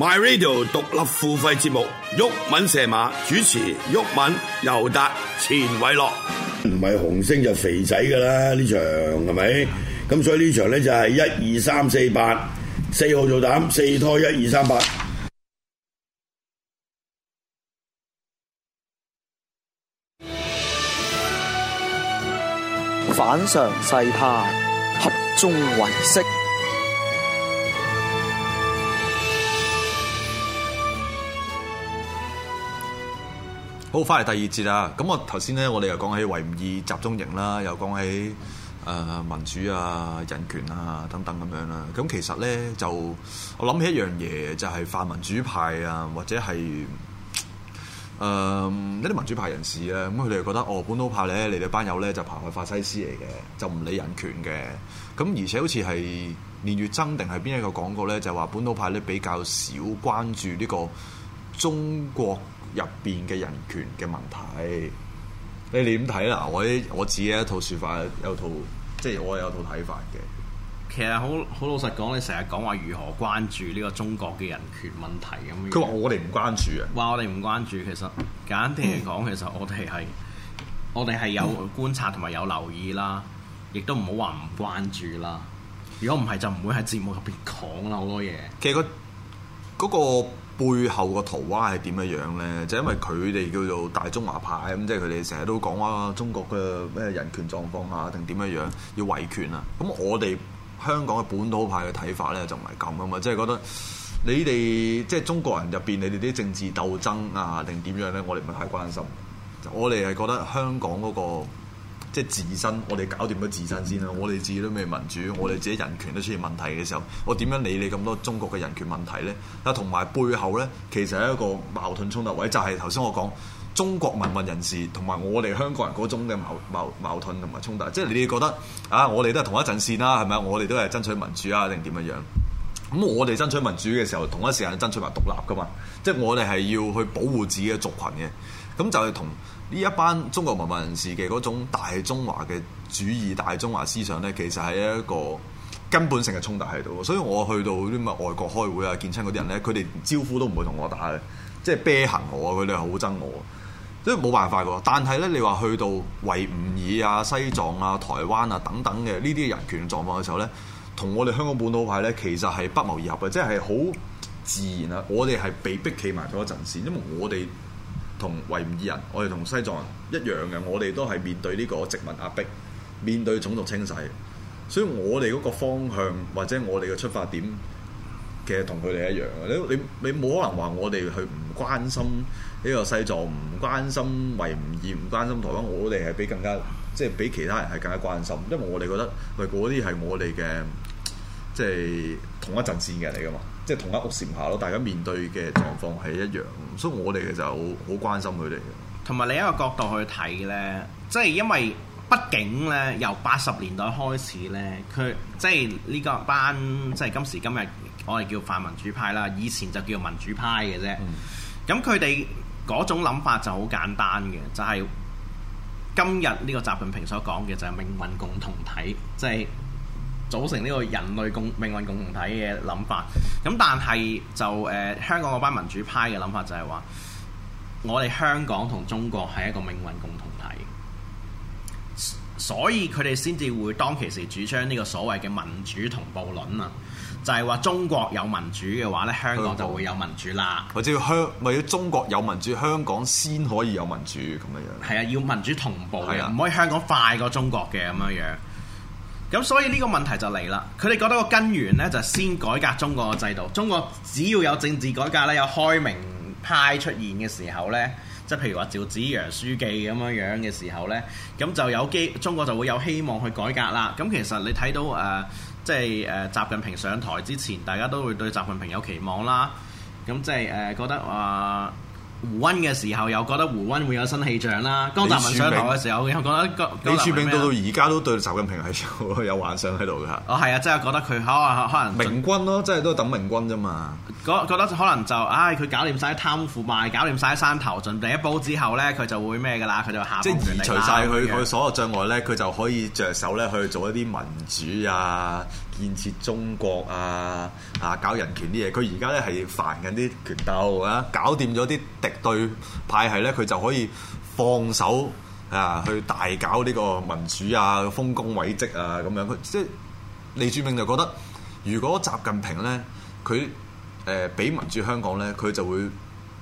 My Radio 獨立付費節目，毓民射馬主持，毓民、尤達、錢偉樂，唔係紅星就肥仔㗎喇，呢場係咪？咁所以呢場咧就係一二三四八，四號做膽，四胎一二三八，1, 2, 3, 反常世態合眾唯識。好，翻嚟第二節啊！咁我頭先咧，我哋又講起維吾爾集中營啦，又講起誒、呃、民主啊、人權啊等等咁樣啦。咁其實咧，就我諗起一樣嘢，就係、是、泛民主派啊，或者係誒一啲民主派人士咧、啊，咁佢哋覺得哦，本土派咧你哋班友咧就排外法西斯嚟嘅，就唔理人權嘅。咁而且好似係年月增定係邊一個講過咧，就話、是、本土派咧比較少關注呢個中國入邊嘅人權嘅問題，你點睇啦？我我自己一套説法有套，有套即係我有套睇法嘅。其實好好老實講，你成日講話如何關注呢個中國嘅人權問題咁樣。佢話我哋唔關注啊！話我哋唔關注，其實簡單啲嚟講，嗯、其實我哋係我哋係有觀察同埋有留意啦，亦都唔好話唔關注啦。如果唔係，就唔會喺節目入邊講啦好多嘢。其實嗰、嗰、嗰個。嗰個背後個圖畫係點樣樣呢？就是、因為佢哋叫做大中華派咁，即係佢哋成日都講話中國嘅咩人權狀況啊，定點樣樣要維權啊？咁我哋香港嘅本土派嘅睇法呢，就唔係咁啊嘛，即係覺得你哋即係中國人入邊你哋啲政治鬥爭啊，定點樣呢？我哋唔係太關心，我哋係覺得香港嗰、那個。即係自身，我哋搞掂咗自身先啦。嗯、我哋自己都未民主，我哋自己人權都出現問題嘅時候，我點樣理你咁多中國嘅人權問題呢？啊，同埋背後呢，其實係一個矛盾衝突位，就係頭先我講中國民運人士同埋我哋香港人嗰種嘅矛矛矛盾同埋衝突。即係你哋覺得啊，我哋都係同一陣線啦，係咪？我哋都係爭取民主啊，定點樣樣？咁我哋爭取民主嘅時候，同一時間爭取埋獨立㗎嘛？即係我哋係要去保護自己嘅族群嘅，咁就係同。呢一班中國文化人士嘅嗰種大中華嘅主義、大中華思想呢，其實係一個根本性嘅衝突喺度。所以我去到啲咁嘅外國開會啊、見親嗰啲人呢，佢哋招呼都唔會同我打嘅，即係啤行我啊！佢哋好憎我，即係冇辦法喎。但係呢，你話去到維吾爾啊、西藏啊、台灣啊等等嘅呢啲人權狀況嘅時候呢，同我哋香港本土派呢，其實係不謀而合嘅，即係好自然啦。我哋係被逼企埋咗一陣先，因為我哋。同維吾爾人，我哋同西藏人一樣嘅，我哋都係面對呢個殖民壓迫，面對種族清洗，所以我哋嗰個方向或者我哋嘅出發點，其實同佢哋一樣。你你你冇可能話我哋去唔關心呢個西藏，唔關心維吾爾，唔關心台灣，我哋係比更加即係比其他人係更加關心，因為我哋覺得喂，嗰啲係我哋嘅即係同一陣線嘅嚟噶嘛。即係同一屋檐下咯，大家面對嘅狀況係一樣，所以我哋其實就好關心佢哋嘅。同埋另一個角度去睇呢，即係因為畢竟呢，由八十年代開始呢，佢即係呢個班，即係今時今日我哋叫泛民主派啦，以前就叫民主派嘅啫。咁佢哋嗰種諗法就好簡單嘅，就係今日呢個習近平所講嘅就係命運共同體，即係。組成呢個人類共命運共同體嘅諗法，咁但係就誒、呃、香港嗰班民主派嘅諗法就係話，我哋香港同中國係一個命運共同體，所以佢哋先至會當其時主張呢個所謂嘅民主同步論啊，就係、是、話中國有民主嘅話咧，香港就會有民主啦。或者香，或者中國有民主，香港先可以有民主咁樣樣。係啊，要民主同步嘅，唔、啊、可以香港快過中國嘅咁樣樣。咁所以呢個問題就嚟啦，佢哋覺得個根源呢，就係、先改革中國個制度，中國只要有政治改革呢，有開明派出現嘅時候呢，即係譬如話趙紫陽書記咁樣樣嘅時候呢，咁就有機中國就會有希望去改革啦。咁其實你睇到誒，即係誒習近平上台之前，大家都會對習近平有期望啦。咁即係誒覺得話。呃胡溫嘅時候又覺得胡溫會有新氣象啦。江澤民上台嘅時候又覺得李柱銘到到而家都對習近平係有，有幻想喺度噶。哦，係啊，就係、啊，即係覺得佢可可能明君咯，即係都係等明君啫嘛。覺覺得可能就唉，佢、哎、搞掂晒啲貪腐嘛，搞掂晒啲山頭，進第一步之後咧，佢就會咩噶啦，佢就下即係移除晒佢佢所有障礙咧，佢就可以着手咧去做一啲民主啊。建設中國啊，啊搞人權啲嘢，佢而家咧係煩緊啲拳鬥啊，搞掂咗啲敵對派系咧，佢就可以放手啊去大搞呢個民主啊、豐功偉績啊咁樣。佢即係李柱銘就覺得，如果習近平咧，佢誒俾民主香港咧，佢就會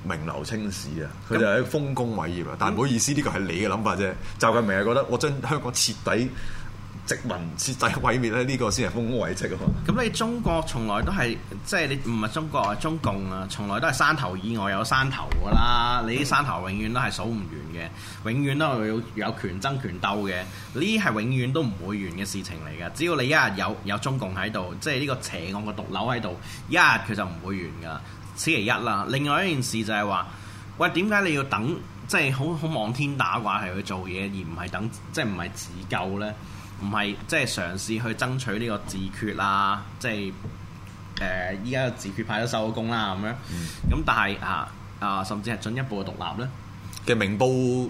名留青史啊，佢就係豐功偉業啊。嗯、但唔好意思，呢個係你嘅諗法啫。習近平係覺得我將香港徹底。殖民徹底毀滅咧，呢、這個先係豐功偉績喎。咁你中國從來都係即係你唔係中國啊，中共啊，從來都係山頭以外有山頭噶啦。你啲山頭永遠都係數唔完嘅，永遠都係有權爭權鬥嘅。呢啲係永遠都唔會完嘅事情嚟嘅。只要你一日有有中共喺度，即係呢個邪惡嘅毒瘤喺度，一日佢就唔會完噶。此其一啦。另外一件事就係話，喂，點解你要等即係好好望天打卦係去做嘢，而唔係等即係唔係自救呢？就是是」唔係即係嘗試去爭取呢個自決啊！即係誒依家嘅自決派都收咗工啦咁樣。咁、嗯、但係啊啊，甚至係進一步嘅獨立咧嘅明報，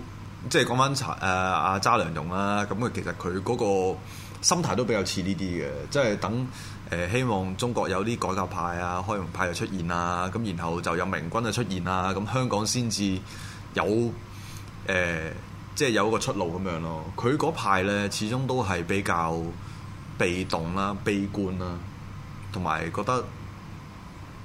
即係講翻查誒阿查良鏞啦。咁佢其實佢嗰個心態都比較似呢啲嘅，即係等誒、呃、希望中國有啲改革派啊、開明派就出現啊，咁然後就有明君就出現啊，咁香港先至有誒。呃即係有個出路咁樣咯，佢嗰排咧始終都係比較被動啦、悲觀啦，同埋覺得。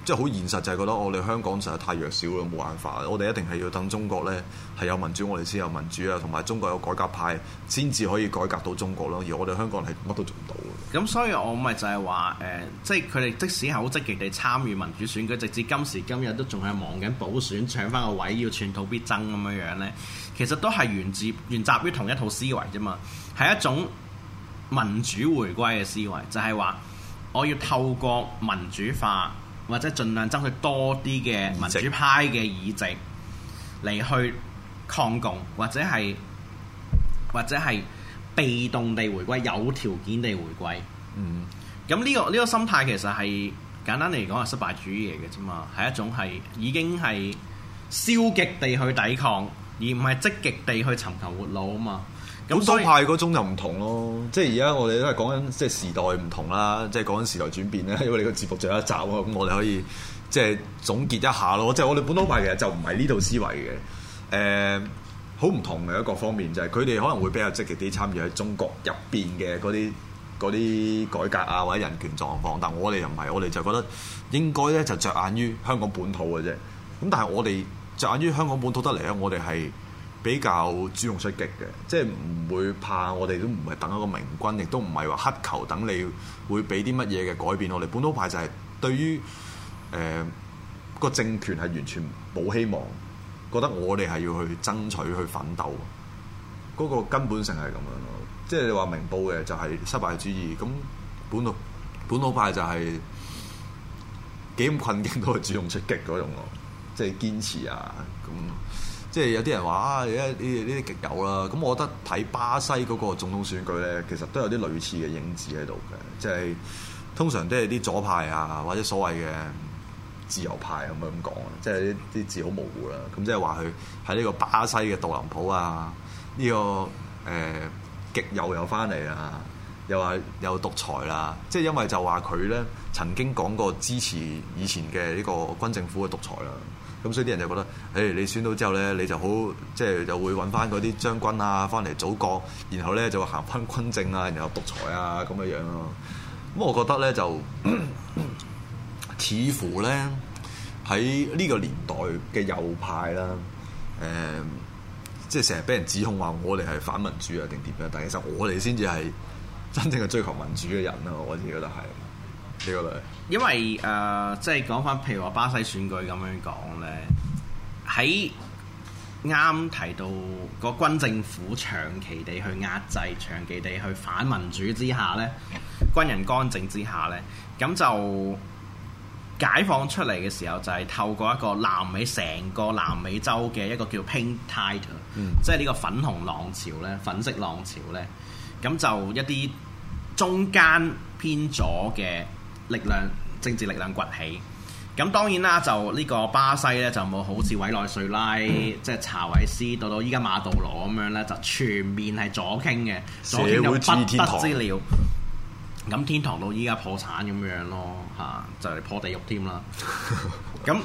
即係好現實，就係覺得我哋香港實在太弱小啦，冇辦法。我哋一定係要等中國呢，係有民主，我哋先有民主啊，同埋中國有改革派，先至可以改革到中國咯。而我哋香港人係乜都做唔到嘅。咁所以我咪就係話，呃，即係佢哋即使係好積極地參與民主選舉，直至今時今日都仲係忙緊補選，搶翻個位，要寸土必爭咁樣樣呢，其實都係源自源雜於同一套思維啫嘛，係一種民主回歸嘅思維，就係話我要透過民主化。或者盡量爭取多啲嘅民主派嘅議席嚟席去抗共，或者係或者係被動地回歸，有條件地回歸。嗯，咁呢個呢個心態其實係簡單嚟講係失敗主義嚟嘅啫嘛，係一種係已經係消極地去抵抗，而唔係積極地去尋求活路啊嘛。咁多、嗯、派嗰種就唔同咯，即係而家我哋都係講緊即係時代唔同啦，即係講緊時代轉變咧。因為你個節目仲有一集喎，咁我哋可以即係總結一下咯。即係我哋本土派其實就唔係呢套思維嘅，誒、呃，好唔同嘅一個方面就係佢哋可能會比較積極啲參與喺中國入邊嘅嗰啲嗰啲改革啊或者人權狀況，但係我哋又唔係，我哋就覺得應該咧就着眼於香港本土嘅啫。咁但係我哋着眼於香港本土得嚟咧，我哋係。比較主動出擊嘅，即係唔會怕，我哋都唔係等一個明君，亦都唔係話乞求等你會俾啲乜嘢嘅改變我哋。本土派就係對於誒個、呃、政權係完全冇希望，覺得我哋係要去爭取去奮鬥，嗰、那個根本性係咁樣咯。即係你話明報嘅就係失敗主義，咁本土本土派就係、是、幾咁困境都係主動出擊嗰種咯，即係堅持啊咁。即係有啲人話啊，一啲啲啲極右啦，咁我覺得睇巴西嗰個總統選舉咧，其實都有啲類似嘅影子喺度嘅。即係通常都係啲左派啊，或者所謂嘅自由派咁樣講啊，即係啲字好模糊啦。咁即係話佢喺呢個巴西嘅杜林普啊，呢、呢個誒、呃、極右又翻嚟啦，又話有獨裁啦，即係因為就話佢咧曾經講過支持以前嘅呢個軍政府嘅獨裁啦。咁、嗯、所以啲人就覺得，誒、欸，你選到之後咧，你就好即係就會揾翻嗰啲將軍啊翻嚟組閣，然後咧就行翻軍政啊，然後獨裁啊咁樣樣咯。咁、嗯、我覺得咧就、嗯、似乎咧喺呢個年代嘅右派啦，誒、嗯，即係成日俾人指控話我哋係反民主啊定點樣，但其實我哋先至係真正嘅追求民主嘅人啊，我自己覺得係。呢個咧，因為誒、呃，即係講翻，譬如話巴西選舉咁樣講呢，喺啱提到個軍政府長期地去壓制、長期地去反民主之下呢，軍人干政之下呢，咁就解放出嚟嘅時候，就係透過一個南美成個南美洲嘅一個叫 Pink Tide，嗯、即係呢個粉紅浪潮呢，粉色浪潮呢，咁就一啲中間偏左嘅。.力量政治力量崛起，咁當然啦，就呢個巴西咧就冇好似委內瑞拉即係、嗯、查韋斯到到依家馬杜羅咁樣咧，就全面係左傾嘅，左傾到不得之了。咁天，堂天堂到依家破產咁樣咯嚇、啊，就嚟破地獄添啦。咁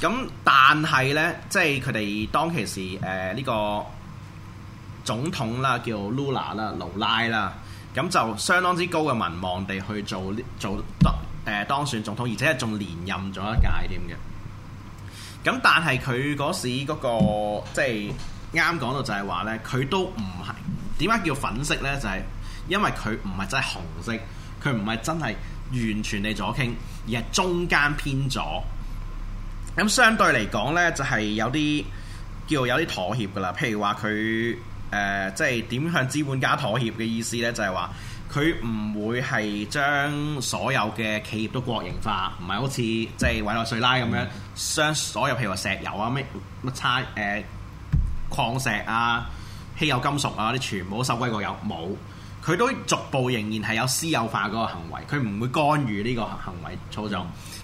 咁 但係咧，即係佢哋當其時誒呢、呃呢個總統啦，叫 Lula 啦，盧拉啦，咁就相當之高嘅民望地去做做得。做誒當選總統，而且仲連任咗一屆點嘅？咁但係佢嗰時嗰個即係啱講到就係話呢，佢都唔係點解叫粉色呢？就係因為佢唔係真係紅色，佢唔係真係完全係左傾，而係中間偏左。咁相對嚟講呢，就係有啲叫有啲妥協噶啦。譬如話佢誒，即係點向資本家妥協嘅意思呢，就係話。佢唔會係將所有嘅企業都國營化，唔係好似即係委內瑞拉咁樣，將所有譬如話石油啊、咩乜差誒礦石啊、稀有金屬啊啲全部都收歸國有。冇，佢都逐步仍然係有私有化嗰個行為，佢唔會干預呢個行為操作。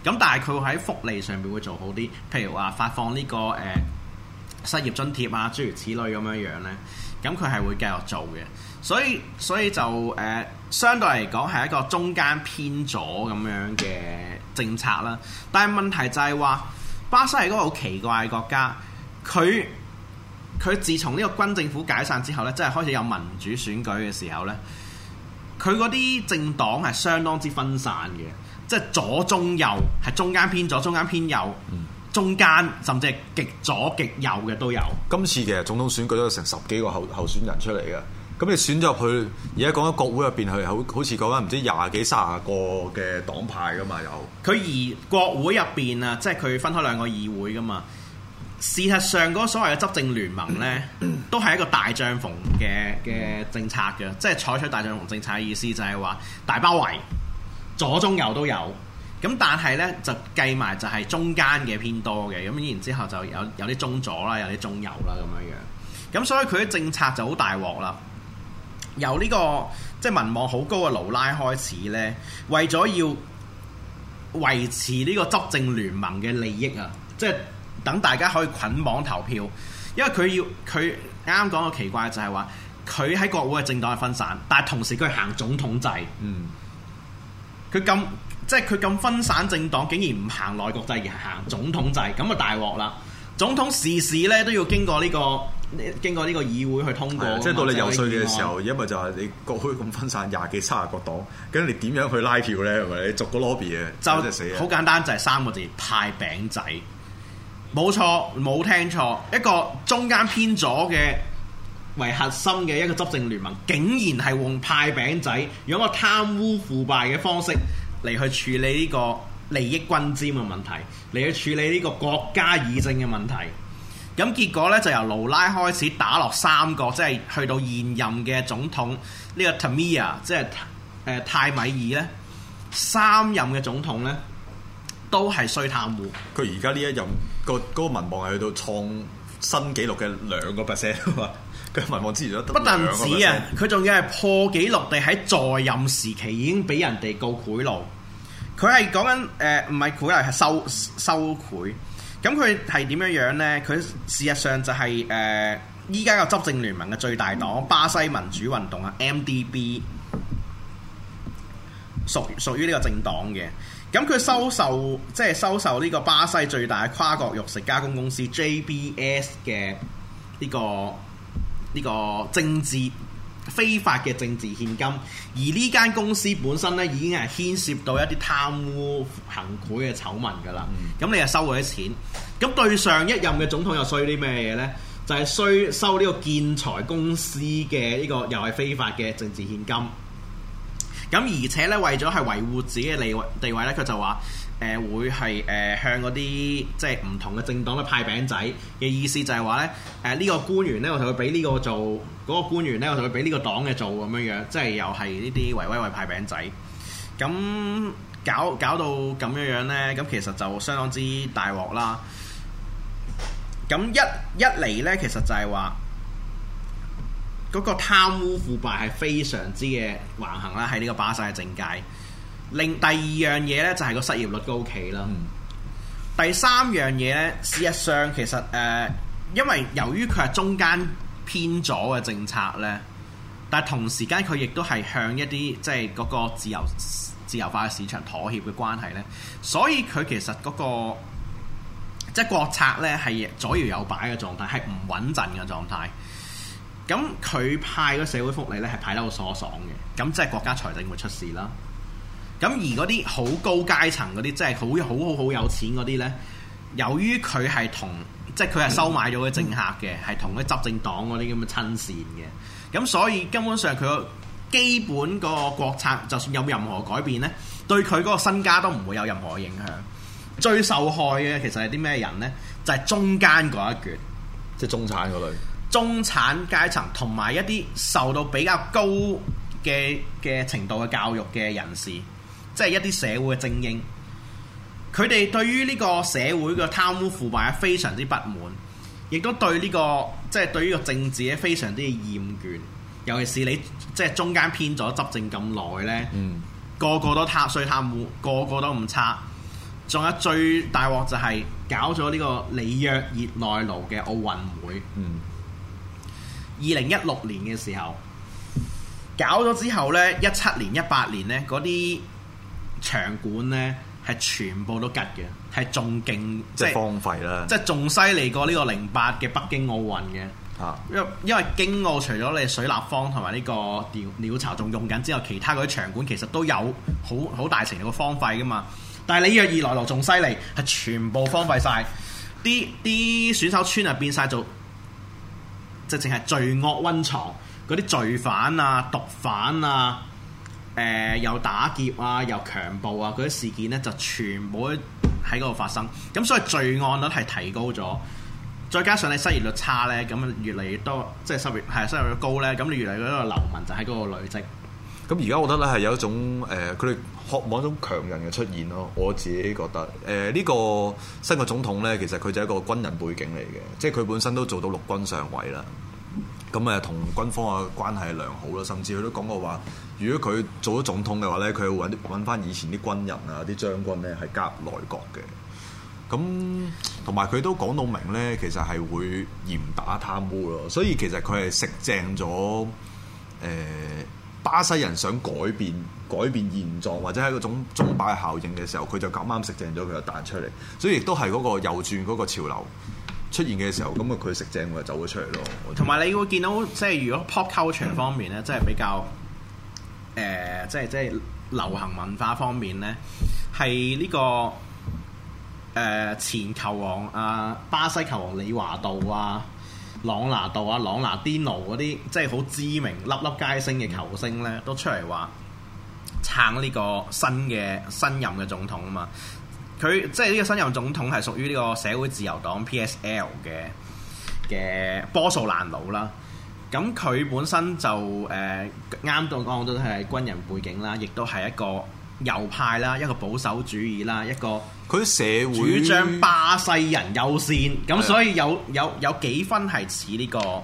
咁但係佢會喺福利上面會做好啲，譬如話發放呢、這個誒、呃、失業津貼啊諸如此類咁樣樣咧。咁佢係會繼續做嘅。所以所以就誒。呃相對嚟講係一個中間偏左咁樣嘅政策啦，但係問題就係話巴西係一個好奇怪嘅國家，佢佢自從呢個軍政府解散之後呢，即係開始有民主選舉嘅時候呢，佢嗰啲政黨係相當之分散嘅，即係左中右係中間偏左、中間偏右、嗯、中間甚至係極左極右嘅都有。今次其實總統選舉都有成十幾個候候選人出嚟嘅。咁你選咗入去，而家講緊國會入邊，佢好好似講緊唔知廿幾卅個嘅黨派噶嘛？有佢而國會入邊啊，即係佢分開兩個議會噶嘛。事實上，嗰個所謂嘅執政聯盟呢，都係一個大帳篷嘅嘅政策嘅，即係採取大帳篷政策嘅意思就係話大包圍左中右都有咁，但係呢，就計埋就係中間嘅偏多嘅咁。然之後就有有啲中左啦，有啲中右啦，咁樣樣咁，所以佢嘅政策就好大鑊啦。由呢、這個即係、就是、民望好高嘅盧拉開始呢，為咗要維持呢個執政聯盟嘅利益啊，即係等大家可以捆綁投票，因為佢要佢啱啱講個奇怪就係話，佢喺國會嘅政黨係分散，但係同時佢行總統制，嗯，佢咁即係佢咁分散政黨，竟然唔行內閣制而係行總統制，咁啊大鑊啦！總統時時咧都要經過呢、這個。經過呢個議會去通過，即係到你遊説嘅時候，一咪就係你各區咁分散廿幾、三十個黨，跟你點樣去拉票呢？係咪？你逐個 lobby 嘅，就死，好簡單，就係三個字：派餅仔。冇錯，冇聽錯，一個中間偏左嘅為核心嘅一個執政聯盟，竟然係用派餅仔，用一個貪污腐敗嘅方式嚟去處理呢個利益均沾嘅問題，嚟去處理呢個國家議政嘅問題。咁結果咧就由盧拉開始打落三個，即係去到現任嘅總、呢個呃、總統呢個泰米亞即係誒泰米爾咧，三任嘅總統咧都係衰貪污。佢而家呢一任、嗰個嗰、嗰個民望係去到創新紀錄嘅兩個 percent 喎。佢民望之前都不但止啊，佢仲 要係破紀錄地喺在，在任時期已經俾人哋告賄賂。佢係講緊誒，唔、呃、係賄賂係收收賄。咁佢係點樣樣呢？佢事實上就係誒依家個執政聯盟嘅最大黨巴西民主運動啊 （MDB） 屬屬於呢個政黨嘅。咁佢收受即係、就是、收受呢個巴西最大嘅跨國肉食加工公司 （JBS） 嘅呢、這個呢、這個政治。非法嘅政治獻金，而呢間公司本身咧已經係牽涉到一啲貪污行賄嘅醜聞噶啦，咁、嗯、你又收嗰啲錢，咁對上一任嘅總統又需要啲咩嘢呢？就係、是、需收呢個建材公司嘅呢、這個又係非法嘅政治獻金，咁而且咧為咗係維護自己嘅地位地位咧，佢就話。誒、呃、會係誒、呃、向嗰啲即係唔同嘅政黨咧派餅仔嘅意思，就係話咧誒呢、呃這個官員呢，我就會俾呢個做嗰、那個官員呢，我就會俾呢個黨嘅做咁樣樣，即係又係呢啲維威維派餅仔，咁搞搞到咁樣樣呢，咁其實就相當之大鑊啦。咁一一嚟呢，其實就係話嗰個貪污腐敗係非常之嘅橫行啦，喺呢個巴西嘅政界。另第二樣嘢咧，就係、是、個失業率高企啦。嗯、第三樣嘢咧，事實上其實誒、呃，因為由於佢係中間偏左嘅政策咧，但係同時間佢亦都係向一啲即係嗰個自由自由化嘅市場妥協嘅關係咧，所以佢其實嗰、那個即係、就是、國策咧係左搖右擺嘅狀態，係唔穩陣嘅狀態。咁佢派個社會福利咧係派得好疏爽嘅，咁即係國家財政會出事啦。咁而嗰啲好高階層嗰啲，即係好好好好有錢嗰啲呢，由於佢係同即係佢係收買咗嘅政客嘅，係、嗯、同啲執政黨嗰啲咁嘅親善嘅，咁所以根本上佢基本個國策，就算有任何改變呢，對佢嗰個身家都唔會有任何影響。最受害嘅其實係啲咩人呢？就係、是、中間嗰一橛，即係中產嗰類，中產階層同埋一啲受到比較高嘅嘅程度嘅教育嘅人士。即係一啲社會嘅精英，佢哋對於呢個社會嘅貪污腐敗係非常之不滿，亦都對呢、這個即係、就是、對於個政治咧非常之厭倦。尤其是你即係、就是、中間偏左執政咁耐呢，個個都貪，所以貪污個個都唔差。仲有最大鑊就係搞咗呢個里約熱內盧嘅奧運會。二零一六年嘅時候搞咗之後呢，一七年、一八年呢嗰啲。場館呢係全部都吉嘅，係仲勁，即係荒廢啦，即係仲犀利過呢個零八嘅北京奧運嘅。嚇、啊，因為因為京奧除咗你水立方同埋呢個鳥鳥巢仲用緊之外，其他嗰啲場館其實都有好好大程度嘅荒廢噶嘛。但係里約熱內盧仲犀利，係全部荒廢晒。啲啲 選手村啊變晒做，即係淨係罪惡溫床，嗰啲罪犯啊、毒犯啊。誒、呃、又打劫啊，又強暴啊，嗰啲事件咧就全部喺嗰度發生。咁所以罪案率係提高咗，再加上你失業率差咧，咁越嚟越多即係失業係失業率高咧，咁你越嚟越多流民就喺嗰個累積。咁而家我覺得咧係有一種誒，佢哋渴望一種強人嘅出現咯。我自己覺得誒呢、呃這個新嘅總統咧，其實佢就係一個軍人背景嚟嘅，即係佢本身都做到陸軍上尉啦。咁誒同軍方嘅關係良好啦，甚至佢都講過話，如果佢做咗總統嘅話呢，佢會揾揾翻以前啲軍人啊、啲將軍呢，係加入內閣嘅。咁同埋佢都講到明呢，其實係會嚴打貪污咯。所以其實佢係食正咗，呃，巴西人想改變改變現狀，或者係嗰種崇拜效應嘅時候，佢就咁啱食正咗，佢就彈出嚟。所以亦都係嗰個右轉嗰個潮流。出現嘅時候，咁啊佢食正就走咗出嚟咯。同埋你會見到，即係如果 pop culture 方面咧、嗯呃，即係比較誒，即係即係流行文化方面咧，係呢個誒、呃、前球王啊，巴西球王李華道啊，朗拿度啊，朗拿甸奴嗰啲，即係好知名、粒粒皆星嘅球星咧，嗯、都出嚟話撐呢個新嘅新任嘅總統啊嘛。佢即係呢個新任總統係屬於呢個社會自由黨 PSL 嘅嘅波蘇蘭佬啦。咁佢本身就誒啱到講到係軍人背景啦，亦都係一個右派啦，一個保守主義啦，一個佢社會主張巴西人優先，咁所以有有有幾分係似呢個誒、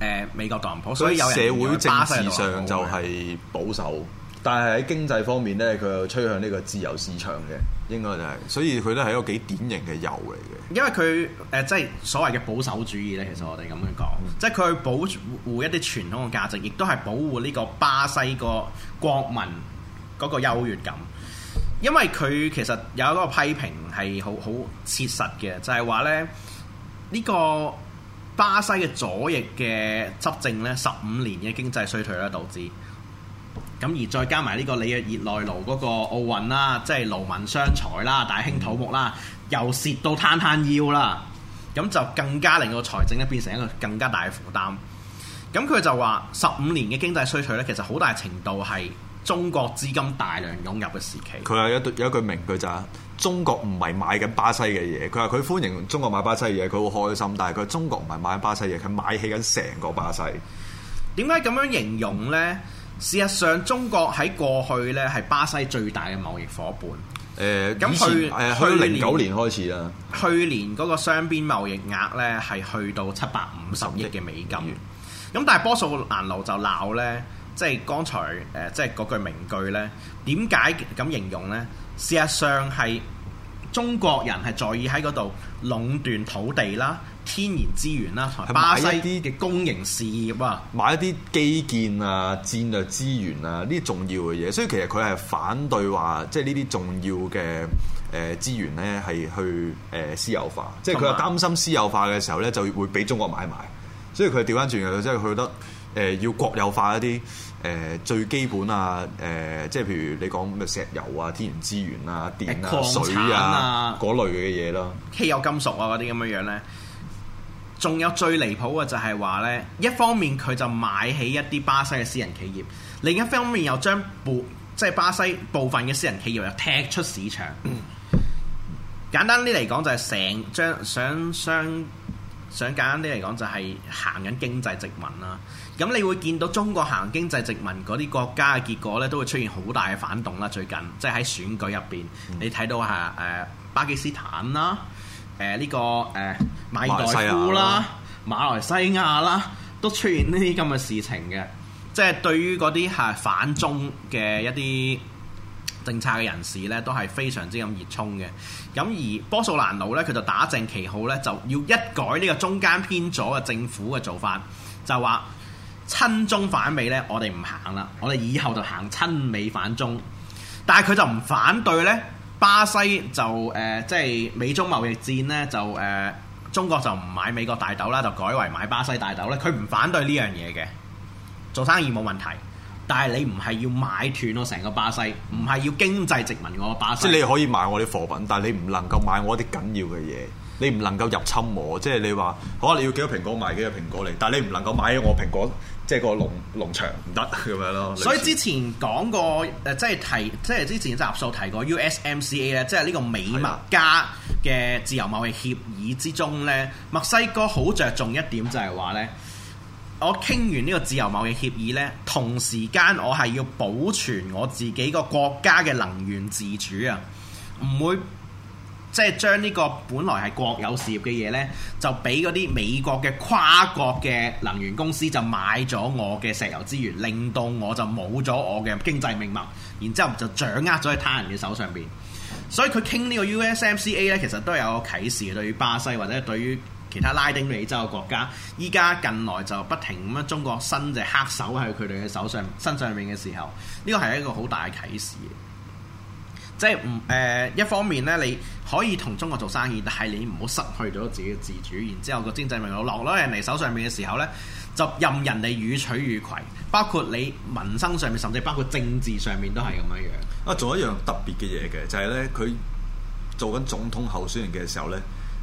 呃、美國特朗普，所以有社會政治上就係保守。但係喺經濟方面咧，佢又趨向呢個自由市場嘅，應該就係、是。所以佢都係一個幾典型嘅右嚟嘅。因為佢誒、呃、即係所謂嘅保守主義咧，其實我哋咁樣講，嗯、即係佢保護一啲傳統嘅價值，亦都係保護呢個巴西個國民嗰個優越感。因為佢其實有一個批評係好好切實嘅，就係話咧呢、呢個巴西嘅左翼嘅執政咧，十五年嘅經濟衰退咧，導致。咁而再加埋呢個里約熱內盧嗰個奧運啦，即係勞民傷財啦，大興土木啦，又蝕到攤攤腰啦，咁就更加令個財政咧，變成一個更加大嘅負擔。咁佢就話十五年嘅經濟衰退呢，其實好大程度係中國資金大量湧入嘅時期。佢有一句名句，就中國唔係買緊巴西嘅嘢，佢話佢歡迎中國買巴西嘅嘢，佢好開心。但係佢中國唔係買緊巴西嘢，佢買起緊成個巴西。點解咁樣形容呢？嗯事實上，中國喺過去呢係巴西最大嘅貿易夥伴。誒、呃，咁去誒、呃、去零年九、呃、年開始啦。去年嗰個雙邊貿易額呢係去到七百五十億嘅美金。咁、嗯嗯、但係波蘇南奴就鬧呢，即、就、係、是、剛才誒即係嗰句名句呢，點解咁形容呢？事實上係中國人係在意喺嗰度壟斷土地啦。天然資源啦，巴西啲嘅公營事業啊，買一啲基建啊、戰略資源啊，呢啲重要嘅嘢。所以其實佢係反對話，即係呢啲重要嘅誒資源咧係去誒私有化，即係佢又擔心私有化嘅時候咧就會俾中國買埋。所以佢調翻轉嘅，即係佢覺得誒要國有化一啲誒最基本啊誒，即、呃、係譬如你講咩石油啊、天然資源啊、電啊、啊水啊嗰、啊、類嘅嘢咯，稀有金屬啊嗰啲咁樣樣咧。仲有最離譜嘅就係話呢，一方面佢就買起一啲巴西嘅私人企業，另一方面又將部即係、就是、巴西部分嘅私人企業又踢出市場。嗯、簡單啲嚟講，就係成將想想，想，想簡單啲嚟講，就係行緊經濟殖民啦。咁你會見到中國行經濟殖民嗰啲國家嘅結果咧，都會出現好大嘅反動啦。最近即係喺選舉入邊，嗯、你睇到下、呃、巴基斯坦啦。誒呢、呃這個誒、呃、馬爾代夫啦，馬來西亞啦，都出現呢啲咁嘅事情嘅，即係 對於嗰啲係反中嘅一啲政策嘅人士呢，都係非常之咁熱衷嘅。咁而波素蘭魯呢，佢就打正旗號呢，就要一改呢個中間偏左嘅政府嘅做法，就話親中反美呢，我哋唔行啦，我哋以後就行親美反中，但係佢就唔反對呢。巴西就誒、呃，即係美中貿易戰呢，就誒、呃、中國就唔買美國大豆啦，就改為買巴西大豆啦。佢唔反對呢樣嘢嘅，做生意冇問題。但係你唔係要買斷我成個巴西，唔係要經濟殖民我個巴西。即係你可以買我啲貨品，但係你唔能夠買我啲緊要嘅嘢。你唔能夠入侵我，即係你話，我話你要幾多蘋果買幾多蘋果嚟，但係你唔能夠買喺我蘋果，即係個農農場唔得咁樣咯。所以之前講過，誒，呃，即係提，即係之前集數提過 USMCA 咧，即係呢個美墨加嘅自由貿易協議之中呢，墨是的 西哥好着重一點就係話呢，我傾完呢個自由貿易協議呢，同時間我係要保存我自己個國家嘅能源自主啊，唔會。即係將呢個本來係國有事業嘅嘢呢，就俾嗰啲美國嘅跨國嘅能源公司就買咗我嘅石油資源，令到我就冇咗我嘅經濟命脈，然之後就掌握咗喺他人嘅手上邊。所以佢傾呢個 USMCA 呢，其實都有個啟示，對於巴西或者對於其他拉丁美洲嘅國家。依家近來就不停咁樣中國伸隻黑手喺佢哋嘅手上身上面嘅時候，呢個係一個好大嘅啟示。即係唔誒，一方面咧，你可以同中國做生意，但係你唔好失去咗自己嘅自主。然之後個經濟命落落落人哋手上面嘅時候咧，就任人哋予取予攜，包括你民生上面，甚至包括政治上面都係咁樣樣。啊，做一樣特別嘅嘢嘅就係、是、咧，佢做緊總統候選人嘅時候咧，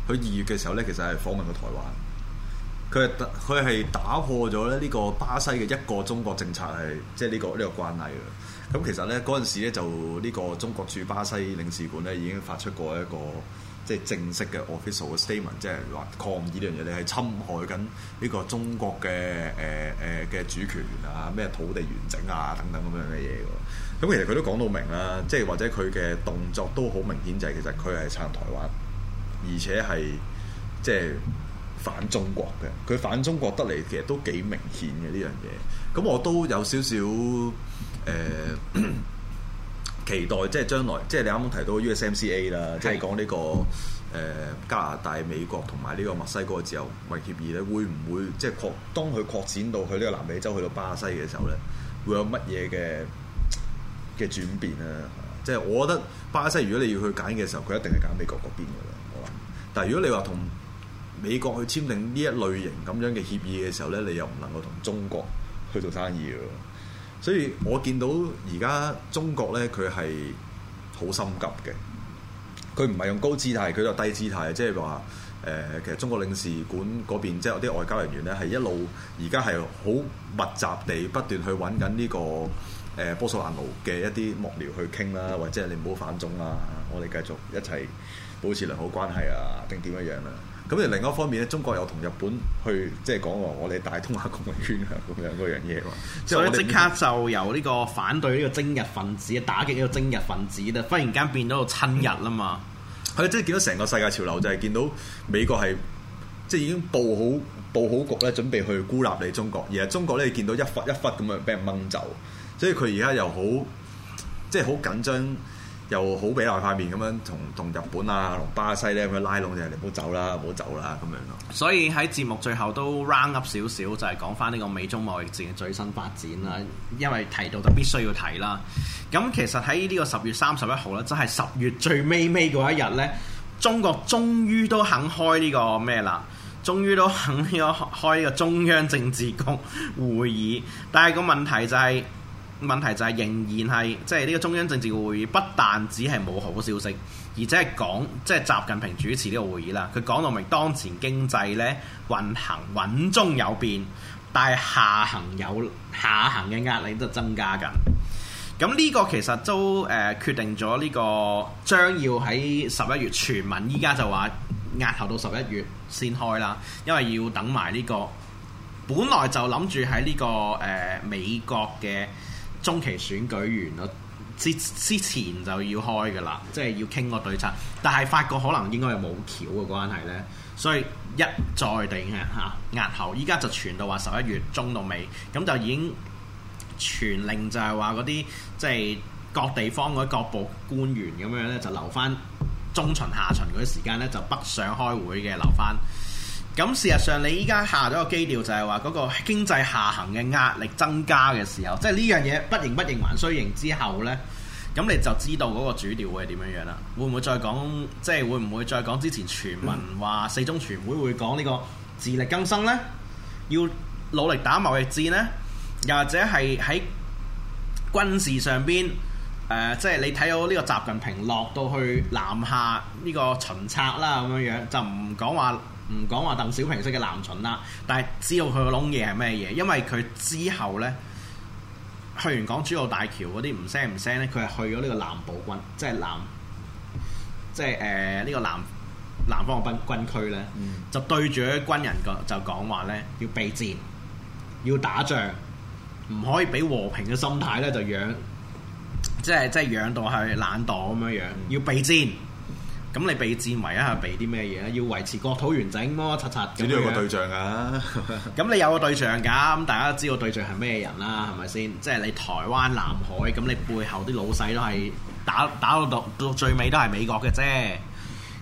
佢二月嘅時候咧，其實係訪問過台灣。佢係打破咗咧呢個巴西嘅一個中國政策、就是這個這個、係即係呢個呢個慣例啊！咁其實呢嗰陣時咧就呢、呢個中國駐巴西領事館呢，已經發出過一個即係正式嘅 official statement，即係話抗議呢樣嘢你係侵害緊呢個中國嘅誒誒嘅主權啊咩土地完整啊等等咁樣嘅嘢。咁其實佢都講到明啦，即係或者佢嘅動作都好明顯就係、係、其實佢係撐台灣，而且係即係。反中國嘅，佢反中國得嚟，其實都幾明顯嘅呢樣嘢。咁我都有少少誒期待，即係將來，即係你啱啱提到 USMCA 啦，是即係講呢個誒、呃、加拿大、美國同埋呢個墨西哥嘅自由貿易協議咧，會唔會即係擴當佢擴展到去呢個南美洲去到巴西嘅時候咧，會有乜嘢嘅嘅轉變咧？即係我覺得巴西如果你要去揀嘅時候，佢一定係揀美國嗰邊嘅啦。我諗，但係如果你話同美國去簽訂呢一類型咁樣嘅協議嘅時候呢，你又唔能夠同中國去做生意。所以我見到而家中國呢，佢係好心急嘅。佢唔係用高姿態，佢就低姿態，即係話誒，其實中國領事館嗰邊即係有啲外交人員呢，係一路而家係好密集地不斷去揾緊呢個、呃、波蘇蘭奴嘅一啲幕僚去傾啦，或者你唔好反中啊，我哋繼續一齊保持良好關係啊，定點樣樣啊？咁而另一方面咧，中國又同日本去即係講我哋大東亞共榮圈啊，咁樣嗰樣嘢，即係我即刻就由呢個反對呢個精日分子，打擊呢個精日分子啦，忽然間變到親日啦嘛。係、嗯，即係見到成個世界潮流就係見到美國係即係已經佈好佈好局咧，準備去孤立你中國。而係中國咧，你見到一忽一忽咁樣俾人掹走，所以佢而家又好即係好緊張。又好俾曬塊面咁樣，同同日本啊，同巴西咧咁樣拉攏，就係你唔好走啦，唔好走啦咁樣咯。所以喺節目最後都 round up 少少，就係講翻呢個美中貿易戰嘅最新發展啦。因為提到就必須要提啦。咁其實喺呢個十月三十一號咧，真係十月最尾尾嗰一日咧，中國終於都肯開呢個咩啦？終於都肯呢個開呢個中央政治局會議。但係個問題就係、是。問題就係仍然係即係呢個中央政治嘅會議，不但只係冇好消息，而且係講即係習近平主持呢個會議啦。佢講到明當前經濟呢，運行穩中有變，但係下行有下行嘅壓力都增加緊。咁呢個其實都誒、呃、決定咗呢個將要喺十一月全民，依家就話押後到十一月先開啦，因為要等埋呢個本來就諗住喺呢個誒、呃、美國嘅。中期選舉完之之前就要開嘅啦，即係要傾個對策。但係發覺可能應該係冇橋嘅關係呢，所以一再定嚇押後。依家就傳到話十一月中到尾咁，就已經傳令就，就係話嗰啲即係各地方啲各部官員咁樣呢，就留翻中旬、下旬嗰啲時間呢，就北上開會嘅，留翻。咁事實上，你依家下咗個基調，就係話嗰個經濟下行嘅壓力增加嘅時候，即係呢樣嘢不認不認還需認之後呢。咁你就知道嗰個主調會係點樣樣啦。會唔會再講？即係會唔會再講之前傳聞話四中全會會講呢個自力更生呢？要努力打貿易戰呢？又或者係喺軍事上邊誒，即係你睇到呢個習近平落到去南下呢個巡察啦，咁樣樣就唔講話。唔講話鄧小平式嘅南巡啦，但係知道佢個窿嘢係咩嘢，因為佢之後呢，去完港珠澳大橋嗰啲唔聲唔聲咧，佢係去咗呢個南部軍，即係南，即係誒呢個南南方嘅軍軍區呢，嗯、就對住啲軍人就講話呢要備戰，要打仗，唔可以俾和平嘅心態呢就養，即係即係養到佢懶惰咁樣樣，嗯、要備戰。咁你備戰為下，備啲咩嘢咧？要維持國土完整，摩擦擦，咁你都有個對象㗎、啊。咁 你有個對象㗎，咁大家都知個對象係咩人啦？係咪先？即係你台灣南海，咁你背後啲老細都係打打到到最尾都係美國嘅啫。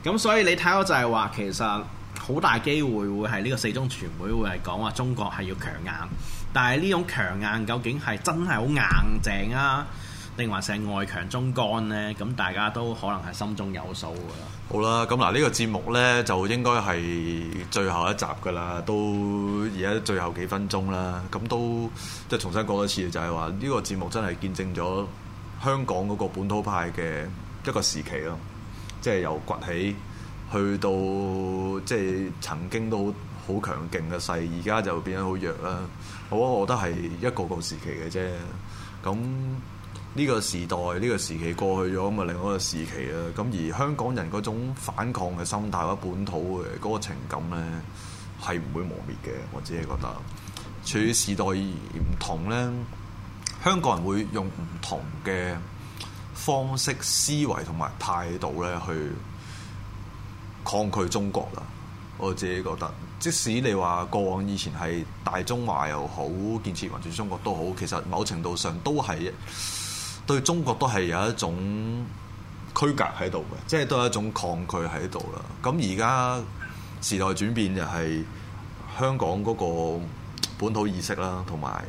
咁所以你睇到就係話，其實好大機會會係呢個四中全會會係講話中國係要強硬，但係呢種強硬究竟係真係好硬淨啊？定還是外強中乾呢，咁大家都可能係心中有數㗎啦。好啦，咁嗱呢個節目呢，就應該係最後一集㗎啦，都而家最後幾分鐘啦。咁都即係重新講一次就，就係話呢個節目真係見證咗香港嗰個本土派嘅一個時期咯。即係由崛起去到即係曾經都好強勁嘅勢，而家就變咗好弱啦。我覺得係一個個時期嘅啫。咁。呢個時代，呢個時期過去咗，咁啊，另外一個時期啊。咁而香港人嗰種反抗嘅心態或者本土嘅嗰個情感呢，係唔會磨滅嘅。我自己覺得，處於時代唔同呢，香港人會用唔同嘅方式、思維同埋態度咧，去抗拒中國啦。我自己覺得，即使你話過往以前係大中華又好，建設民主中國都好，其實某程度上都係。對中國都係有一種區隔喺度嘅，即係都有一種抗拒喺度啦。咁而家時代轉變就係香港嗰個本土意識啦，同埋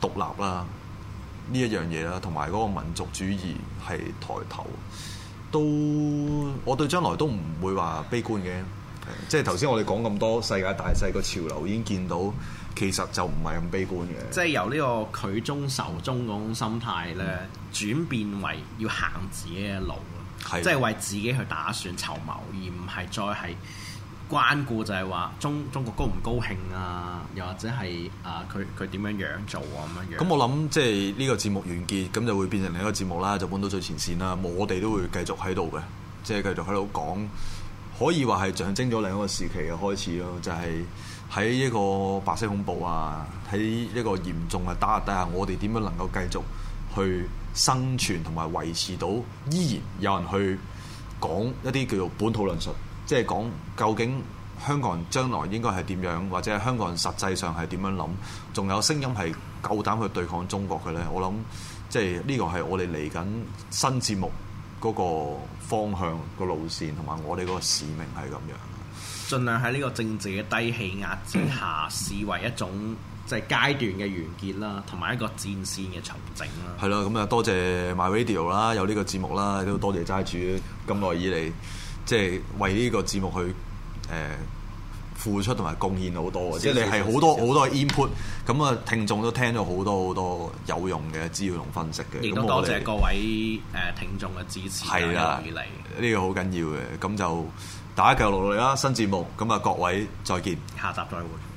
獨立啦呢一樣嘢啦，同埋嗰個民族主義係抬頭。都，我對將來都唔會話悲觀嘅。即係頭先我哋講咁多世界大勢個潮流，已經見到。其實就唔係咁悲觀嘅，即係由呢個佢中仇中嗰種心態咧，嗯、轉變為要行自己嘅路咯，即係是的 為自己去打算籌謀，而唔係再係關顧就係話中中國高唔高興啊，又或者係啊佢佢點樣樣做啊咁樣樣。咁我諗即係呢個節目完結，咁就會變成另一個節目啦，就搬到最前線啦。我哋都會繼續喺度嘅，即、就、係、是、繼續喺度講，可以話係象徵咗另一個時期嘅開始咯，就係、是。喺一個白色恐怖啊，喺一個嚴重嘅打壓底下，我哋點樣能夠繼續去生存同埋維持到，依然有人去講一啲叫做本土論述，即係講究竟香港人將來應該係點樣，或者香港人實際上係點樣諗，仲有聲音係夠膽去對抗中國嘅呢？我諗即係呢個係我哋嚟緊新節目嗰個方向、個路線同埋我哋嗰個使命係咁樣。盡量喺呢個政治嘅低氣壓之下，視為一種即係、就是、階段嘅完結啦，同埋一個戰線嘅重整啦。係啦，咁啊，多謝 My Radio 啦，有呢個節目啦，都多謝齋主咁耐以嚟，即、就、係、是、為呢個節目去誒、呃、付出同埋貢獻好多即係 你係好多好 多 input。咁啊，聽眾都聽咗好多好多有用嘅資料同分析嘅。亦都多謝各位誒聽眾嘅支持，一路的以嚟。呢個好緊要嘅，咁就。打球落嚟啦，新節目咁啊，各位再見，下集再會。